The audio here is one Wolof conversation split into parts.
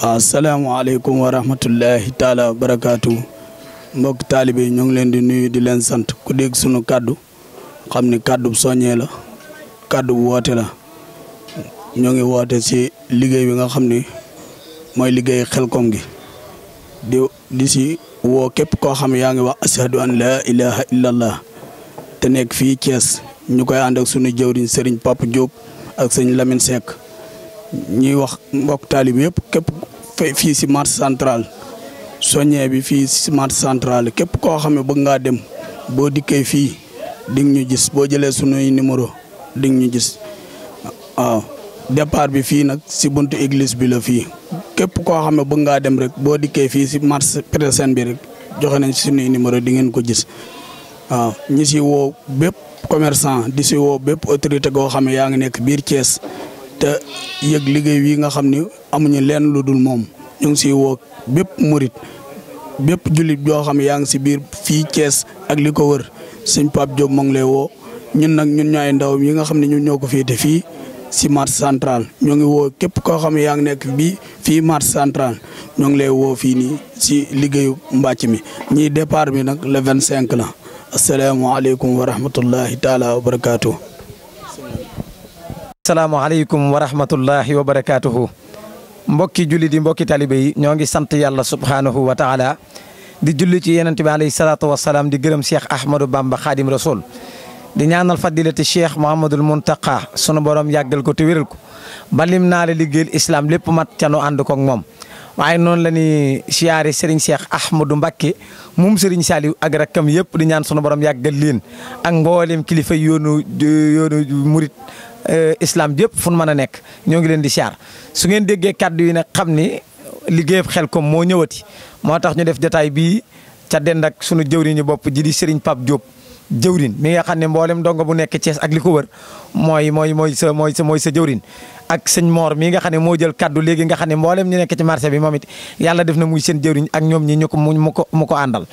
asalaamaaleykum wa rahmatullahi taala wa barakaatu mbokk taalibe ñoo ngi leen di nuyu di leen sant ku dégg suñu kàddu xam ni kàddu soññee la kàddu woote la ñoo ngi woote ci liggéey bi nga xam ni mooy liggéey xelkom gi di di woo képp koo xam yaa ngi wax ashadu an laa ilaha illallah te nekk fii Thiès ñu koy ànd ak sunu jëwriñ sëriñ Papa Diop ak sëñ Lamine Seck ñuy wax mbokk taalib yëpp képp fii si marché central soññee bi fii si marché central képp koo xam ne bëgg ngaa dem boo dikkee fii di ñu gis boo jëlee sunuy numéro di ñu gis waaw départ bi fii nag si buntu église bi fii képp koo xam ne bëgg ngaa dem rek boo dikkee fii si marché présen bi rek joxe nañ sunuy numéro di ngeen ko gis waaw ñi si woo bépp commerçant di si woo bépp autorité goo xam ne yaa ngi nekk biir Thiès te yëg liggéey wi nga xam ni amuñu leen lu dul moom ñu ngi siy woo bépp murit bépp jullit joo xam yaa ngi si biir fii cees ak li ko wër sëñ Pape Diop moo ngi lay woo ñun nag ñun ñaay ndaw yi nga xam ne ñu ñoo ko féete fii si marché central ñoo ngi woo képp koo xam ne yaa ngi nekk bii fii marché central ñoo ngi lay woo fii nii si liggéeyu mbàcc mi ñii départ bi nag la vingt cinq la asalaamaaleykum wa rahmatullahi taala wa barakaatu. salaamaaleykum wa rahmatullahi wa barakaatuhu mbokki julli di mbokki talibe yi ñoo ngi sant yàlla subhaanahu wa di julli ci yenent bi alayhi salaatu wa salaam di gërëm cheikh Ahmadou Bamba xaadim rasul di ñaanal fadilati cheikh Mouhamadul Muntaqa sunu boroom yàggal ko te wéral ko balim naa la liggéeyal islam lépp mat ca nu ànd koog moom. waaye noonu la ni siyaare Serigne Cheikh Ahmadou Mbacké moom Serigne Saliou ak rakkam yëpp di ñaan sunu borom yàggal leen ak mboolem kilifa yoonu Euh, islam yëpp fu nu mën a nekk ñoo ngi leen di siyaar su ngeen déggee kàddu yi nag xam ni xel Xelcom moo ñëwati moo tax ñu def jotaay bii ca dend ak sunu jëwriñu bopp ji di Serigne Pape Diop. jëwrin mi nga xam ne mboolem ndongo bu nekk cees ak li ko wër mooy mooy mooy sa mooy sa mooy sa jëwrin ak sëñ moor mi nga xam ne moo jël kaddu léegi nga xam ne mbooleem ñu nekk ci marché bi moom it yàlla def na muy seen jëwriñ ak ñoom ñi ñu ko mu ko mu ko àndal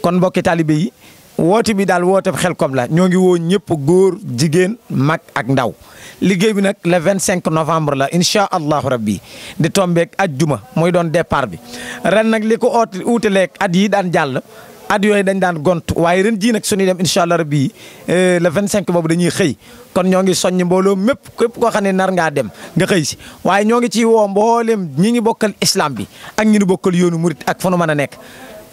kon mbokki taalibe yi woote bi daal woote xel kom la ñoo ngi woo ñëpp góor jigéen mag ak ndaw liggéey bi nag vingt 25 novembre la incha allahu rabbi di tombeek juma mooy doon départ bi ren nag li ko oot lek at yi daan jàll at yooyu dañ daan gont waaye ren jii nag suñuy dem incha allah rabbi eh, le 25 boobu dañuy xëy kon ñoo ngi soññ mbooloo mépp képp koo xam ne nar ngaa dem nga xëy si waaye ñoo ngi ciy woo mboolem ñi ngi bokkal islam bi ak ñi ñu bokkal yoonu murit ak fu mën a nekk.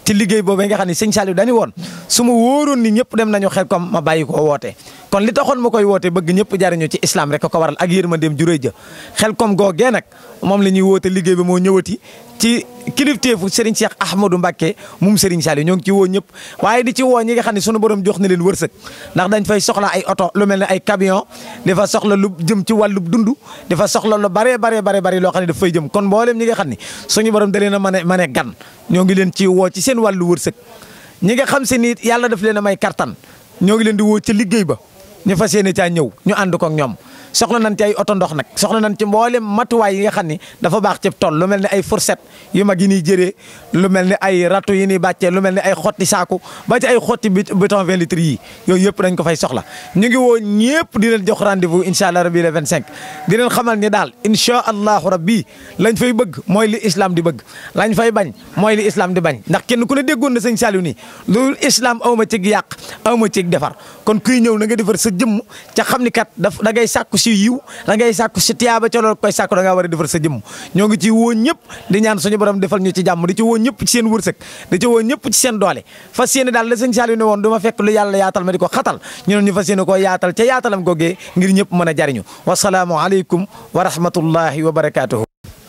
ci liggéey boobu nga xam ne sëñ Saliou dañu woon su ma wóoroon ni ñëpp dem nañu xel comme ma bàyyi ko woote kon li taxoon ma koy woote bëgg ñëpp jariñu ci islam rek ko waral ak yërmandeem ju rëy ja xel kom googee nag moom la ñuy woote liggéey bi moo ñëwati ci kilifteefu Serigne Cheikh Ahmadou Mbacke moom Serigne Saliou ñoo ngi ci woo ñëpp waaye di ci woo ñi nga xam ne sunu borom jox na leen wërsëg ndax dañ fay soxla ay oto lu mel ne ay dafa soxla lu jëm ci wàllu dund dafa soxla lu bare bare bare bare loo xam ne daf fay jëm kon mboolem ñi xam ne suñu borom da leen a mën a mën gan ñoo ngi leen ci woo ci seen wàllu wërsëg ñi nga xam se ni yàlla daf leen a may kartan ñoo ngi leen di woo ca liggéey ba ñu fas yéene caa ñëw ñu ànd ko ak ñoom soxla nañ ci ay oto ndox nag soxla nañ ci mboolem matuwaay yi nga xam ni dafa baax ci tool lu mel ni ay fourchette yu mag yi ñuy jëree lu mel ni ay ratu yi ñuy bàccee lu mel ni ay xotti saaku ba ci ay xotti béton 20 litres yi yooyu yëpp dañ ko fay soxla ñu ngi woo ñëpp di leen jox rendez-vous incha allah rabbi le 25 di leen xamal ni daal incha allahu rabbi lañ fay bëgg mooy li islam di bëgg lañ fay bañ mooy li islam di bañ ndax kenn ku ne déggoon na sëñ Saliou nii loolu islam awma ci yàq awma ci defar kon kuy ñëw na nga defar sa jëmm ca xam ni si yiw da ngay sàkku si tiyaaba ca loolu koy sàkku da ngaa a defar sa jëmm ñoo ngi ci woo ñëpp di ñaan suñu borom defal ñu ci jàmm di ci woo ñëpp ci seen wërsëg di ci woo ñëpp ci seen doole fas yéene daal la sëñ Saliou woon du ma fekk lu yàlla yaatal ma di ko xatal ñu ne ñu fas yéene koo yaatal ca yaatalam googee ngir ñëpp mën a jariñu wasalaamu aleykum wa rahmatullahi wa barakatuhu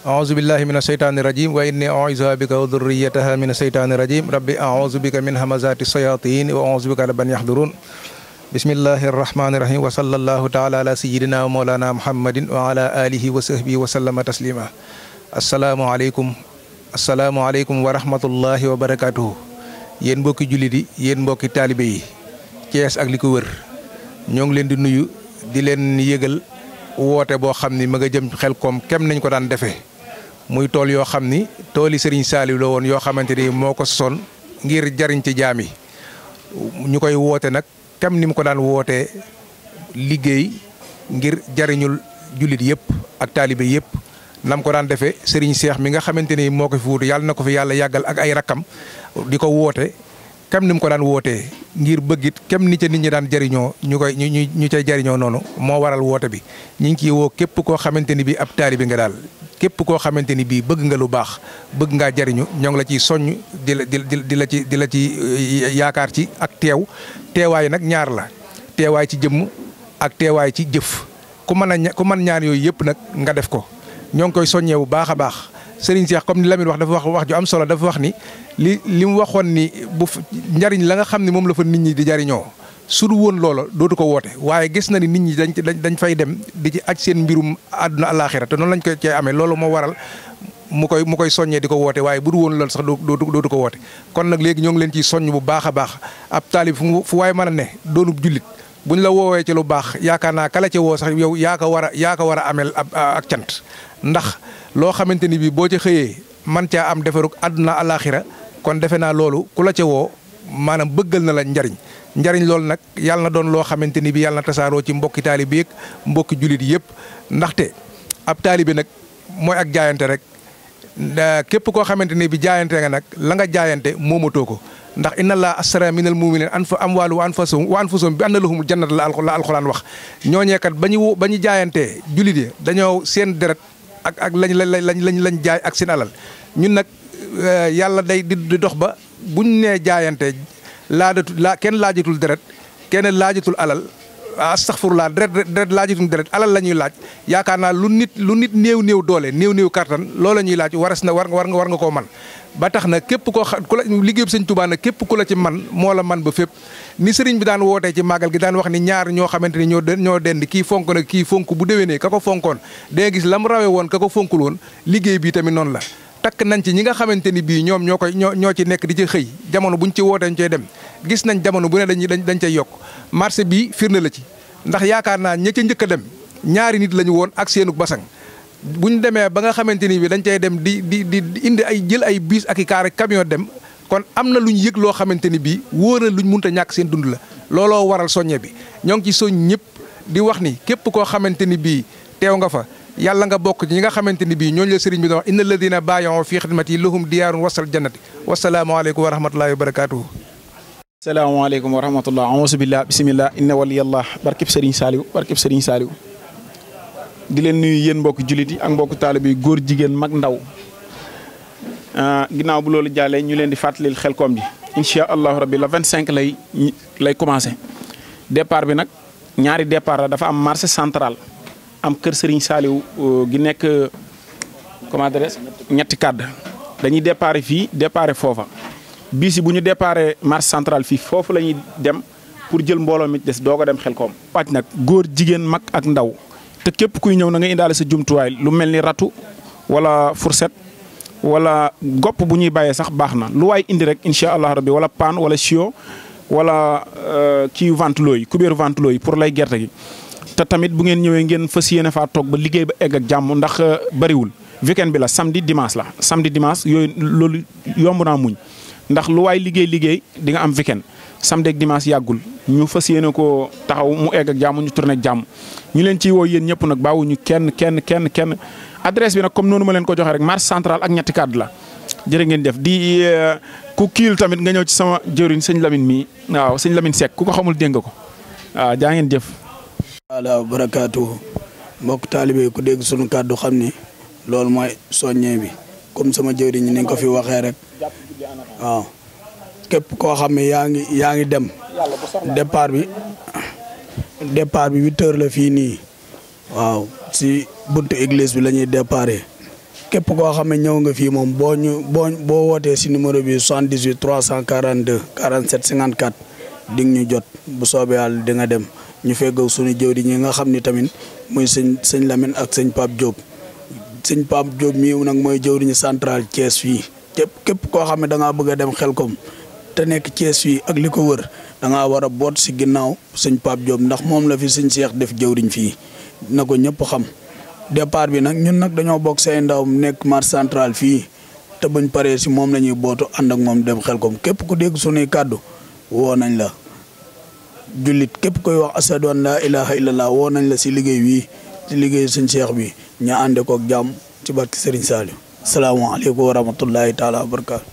aouzu billahi min asheytaani rajim wa inni aouzuha bika wa durriyataha min asheytaani rajim rabbi aouzu bika min hamazati shayatin wa aouzu bika bismillahi arrahmani irahim wa sallallahu taala ala sayidina wa moolana muhammadin wa ala alihi wa sahbihi mbokki jullit yi yéen mbokki taalibe yi Cees ak li ko wër ñoo ngi leen di nuyu di leen yëgal woote boo xam ni ma nga jëm xel koom kem nañ ko daan defee muy tool yoo xam ni tooli Sëriñ Saaliw woon yoo xamante ni moo ko sosoon ngir jariñ ci jaam yi ñu koy woote nag kem ni mu ko daan wootee liggéey ngir jariñul jullit yëpp ak taalibe yëpp nam ko daan defee sëriñ seex mi nga xamante ni moo ko fi wuutu yàlla na ko fi yàlla yàggal ak ay rakkam di ko woote kem ni mu ko daan wootee ngir bëggit kem ni ca nit ñi daan jariñoo ñu koy ñu ñu ñu cay jariñoo noonu moo waral woote bi ñu ngi ciy woo képp koo xamante ni bii ab taali bi nga daal képp koo xamante ni bii bëgg nga lu baax bëgg ngaa jariñu ñoo ngi la ciy soññ di la di la ci di la ci eh, yaakaar ci ak teew teewaay nag ñaar la teewaay ci jëmm ak teewaay ci jëf ku mën a ku mën ñaar yooyu yëpp nag nga def ko ñoo ngi koy soññee bu baax a baax. Serigne Cheikh comme ni Lamine wax dafa wax wax ju am solo dafa wax ni li li mu waxoon ni bu njariñ la nga xam ne moom la fa nit ñi di jariñoo su du woon loola dootu ko woote waaye gis na ni nit ñi dañ dañ fay dem di ci aj seen mbirum àdduna àllaaxira te noonu lañ koy cee amee loolu moo waral mu koy mu koy soññee di ko woote waaye bu du woon lool sax dootu dootu ko woote. kon nag léegi ñoo ngi leen ciy soññ bu baax a baax ab taalib fu waaye man a ne doonub jullit buñ la woowee ci lu baax yaakaar naa kala ca woo sax yow yaa ko war a yaa ko war ameel ak cant ndax. loo xamante ni bii boo ca xëyee man caa am defarug àdduna alaaxira kon defe naa loolu ku la ca woo maanaam bëggal na la njariñ njariñ loolu nag yàlla na doon loo xamante ni bii yàlla na tasaaroo ci mbokki taalibe yeeg mbokki jullit yëpp ndaxte ab taalibe nag mooy ak jaayante rek képp koo xamante ni bi jaayante nga nag la nga jaayante moomatoo ko ndax inna laa asra minal muminina an fa am amwaalu wa anfusahum wa anfusahum bi anna lahumul jannat la alxuraan wax ñooñee kat ba ñu ba ñu jaayantee jullit yi dañoo seen deret ak ak lañ lañ lañ lañ lañ jaay ak seen ñun nag eh, yàlla day di dox ba buñ nee jaayante laadatul laa kenn laajatul deret kenn laajatul alal. Ah, astaxfurlaa deret deret laajatuñ deret alal la ñuy laaj yaakaar naa lu nit lu nit néew néew doole néew néew kartan loola ñuy laaj waras na war war nga ko man ba tax na képp koo xam ku la képp ku la ci moo la man ba fépp ni sëriñ bi daan wootee ci màggal gi daan wax ni ñaar ñoo xamante ni ñoo ñoo dend kii fonk na kii fonk bu déwénee ka ko fonkoon danga woon ko fonkul woon liggéey bi tamit noonu la takk nañ ci ñi nga xamante ni bii ñoom ñoo koy ñoo ñoo ci nekk di ci xëy jamono buñ ci wootee ñu cay dem gis nañ jamono bu ne dañuy dañ cay yokk marché bi firnde la ci ndax yaakaar naa ña ca njëkk a dem ñaari nit la ñu woon ak seenu basan bu demee ba nga xamante ni bi dañ cay dem di di di indi ay jël ay biis ak i kaar ak dem kon am na luñ ñu yëg loo xamante ni bii wóor na lu ñu mënut a ñàkk seen dund la looloo waral soññe bi ñoo ngi ci soñ ñëpp di wax ni képp koo xamante ni bii teew nga fa yàlla nga bokk ci ñi nga xamante ni bii ñooñu la sëriñ bi doon wax inna alladina baayon fii xidmati lahum diyaarun wasal jannati wasalaamu aleykum wa rahmatullahi wa barakatuhu salaamaaleykum wa rahmatullah aousubillah bisimillah inna waliyallah barkib sëriñ saaliw barkib sëriñ saaliw di leen nuyu yéen mbokk jullit yi ak mbokk taalib góor jigéen mag ndaw ah, ginnaaw bu loolu jàllee ñu leen di fàttalil Xelcom ji incha allahu rabbi la vingt cinq lay lay commencé départ bi nag ñaari départ la dafa am marché central am kër sëriñ saaliw euh, gi nekk comment dirais ñetti kàdd dañuy départ fii départ foofa bis yi bu ñu déparé marché central fii foofu la ñuy dem pour jël mbooloo mi des doog a dem koom pàcc nag góor jigéen mag ak ndaw te képp kuy ñëw na nga indaale sa jumtuwaay lu mel ni ratu wala fourchette wala gopp bu ñuy bàyyee sax baax na lu waay indi rek incha allah rabbi wala paan wala sio wala euh, kii ventilo yi kubéeru ventilo yi pour lay gerte gi. te tamit bu ngeen ñëwee ngeen fas yéene faa toog ba liggéey ba egg ak jàmm ndax euh, bariwul weekend bi la samedi dimanche la samedi dimanche yooyu loolu yomb naa muñ. ndax lu waay liggéey liggéey di nga am weekend samedi ak dimanche yàggul ñu fas yéene koo taxaw mu egg ak jàmm ñu tourné ak jàmm ñu leen ciy woo yéen ñëpp nag baawuñu kenn kenn kenn kenn adresse bi nag comme noonu ma leen ko joxe rek marché central ak ñetti kàddu la jërë ngeen def di euh, ku kiil tamit nga ñëw ci sama jëriñ sëñ Lamine mii waaw sëñ Lamine seek ku ko xamul dégg ko waaw jaa ngeen jëf. ala barakaatu mbokk taalibe ku dégg sunu kàddu xam ni loolu mooy soññee bi comme sama jëriñ ni nga ko fi waxee rek. waaw képp koo xam ne yaa ngi yaa ngi dem départ bi départ bi huit la fii nii waaw si buntu église bi la ñuy déparé képp koo xam ne ñëw nga fii moom boo ñu boo boo wootee si numéro bi 78 342 47 54 di nga ñu jot bu soobee yàlla di nga dem ñu feggoog suñu jëw di ñi nga xam ni tamit muy sëñ sëñ lamin ak sëñ Pape Diop sëñ Pape Diop mii nag mooy jëwriñu central Thiès fii képp képp koo xam ne da ngaa bëgg a dem xelkom te nekk Thiès fii ak li ko wër da ngaa war a boot si ginnaaw sëñ Pape joom ndax moom la fi sëñ Cheikh def jëwriñ fii na ko ñëpp xam départ bi nag ñun nag dañoo bokk say ndaw nekk marché central fii te buñ paree si moom la ñuy bootu ànd ak moom dem xelkom képp ku dégg sunuy kàddu woo nañ la jullit képp koy wax asadu an laa ilaha illallah woo nañ la si liggéey wii ci liggéey sëñ Cheikh bi ñaa ànde kook jàmm ci barki Serigne Saliou salaamaaleykum wa rahmatullahi taala wa barakaatu